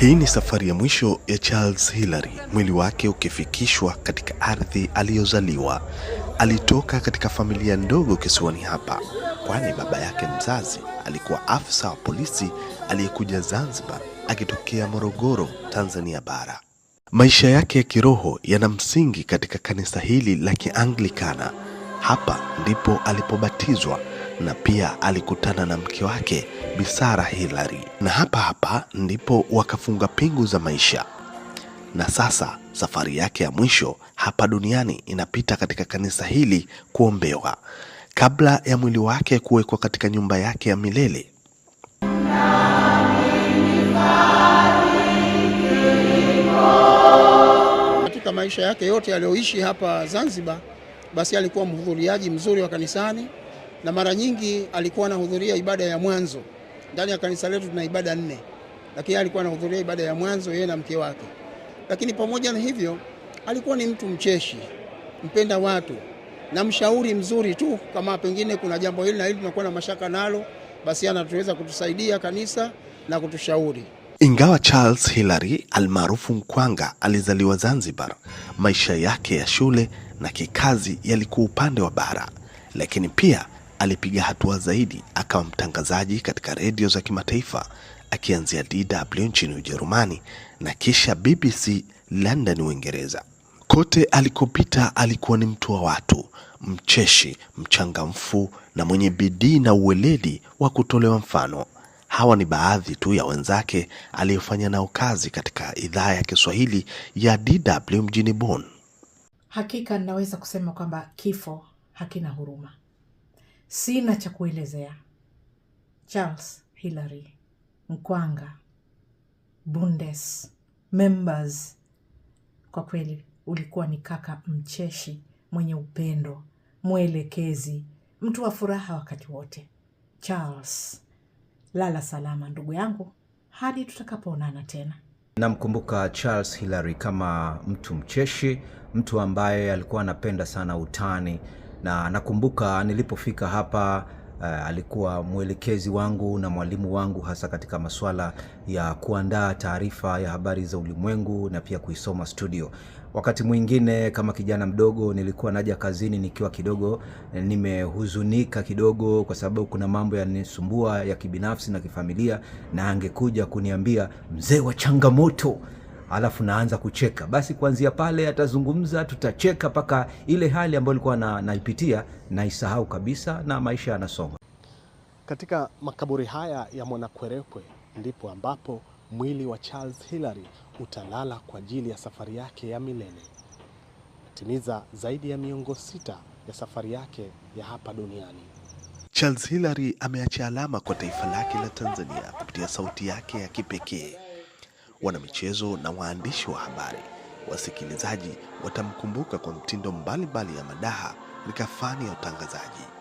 Hii ni safari ya mwisho ya Charles Hilary, mwili wake ukifikishwa katika ardhi aliyozaliwa. Alitoka katika familia ndogo kisiwani hapa, kwani baba yake mzazi alikuwa afisa wa polisi aliyekuja Zanzibar akitokea Morogoro, Tanzania bara. Maisha yake ya kiroho yana msingi katika kanisa hili la Kianglikana. Hapa ndipo alipobatizwa na pia alikutana na mke wake Bisara hilari na hapa hapa ndipo wakafunga pingu za maisha. Na sasa safari yake ya mwisho hapa duniani inapita katika kanisa hili kuombewa kabla ya mwili wake kuwekwa katika nyumba yake ya milele. Katika maisha yake yote aliyoishi hapa Zanzibar, basi alikuwa mhudhuriaji mzuri wa kanisani na mara nyingi alikuwa anahudhuria ibada ya mwanzo. Ndani ya kanisa letu tuna ibada nne, lakini alikuwa anahudhuria ibada ya mwanzo yeye na mke wake. Lakini pamoja na hivyo, alikuwa ni mtu mcheshi, mpenda watu na mshauri mzuri tu. Kama pengine kuna jambo hili na hili tunakuwa na mashaka nalo, basi anatuweza kutusaidia kanisa na kutushauri. Ingawa Charles Hilary almaarufu Nkwanga alizaliwa Zanzibar, maisha yake ya shule na kikazi yalikuwa upande wa bara, lakini pia alipiga hatua zaidi, akawa mtangazaji katika redio za kimataifa akianzia DW nchini Ujerumani na kisha BBC London Uingereza. Kote alikopita alikuwa ni mtu wa watu, mcheshi, mchangamfu na mwenye bidii na uweledi wa kutolewa mfano. Hawa ni baadhi tu ya wenzake aliyofanya nao kazi katika idhaa ya Kiswahili ya DW mjini Bonn. Hakika naweza kusema kwamba kifo hakina huruma. Sina cha kuelezea. Charles Hilary mkwanga Bundes members, kwa kweli ulikuwa ni kaka mcheshi, mwenye upendo, mwelekezi, mtu wa furaha wakati wote. Charles, lala salama ndugu yangu, hadi tutakapoonana tena. Namkumbuka Charles Hilary kama mtu mcheshi, mtu ambaye alikuwa anapenda sana utani na nakumbuka nilipofika hapa Uh, alikuwa mwelekezi wangu na mwalimu wangu hasa katika masuala ya kuandaa taarifa ya habari za ulimwengu na pia kuisoma studio. Wakati mwingine kama kijana mdogo nilikuwa naja kazini nikiwa kidogo eh, nimehuzunika kidogo, kwa sababu kuna mambo yanisumbua ya kibinafsi na kifamilia, na angekuja kuniambia mzee wa changamoto alafu naanza kucheka, basi kuanzia pale atazungumza, tutacheka mpaka ile hali ambayo ilikuwa na, naipitia naisahau kabisa, na maisha yanasonga. Katika makaburi haya ya Mwanakwerekwe ndipo ambapo mwili wa Charles Hilary utalala kwa ajili ya safari yake ya milele. Timiza zaidi ya miongo sita ya safari yake ya hapa duniani. Charles Hilary ameacha alama kwa taifa lake la Tanzania kupitia sauti yake ya kipekee wanamichezo na waandishi wa habari. Wasikilizaji watamkumbuka kwa mtindo mbalimbali ya madaha katika fani ya utangazaji.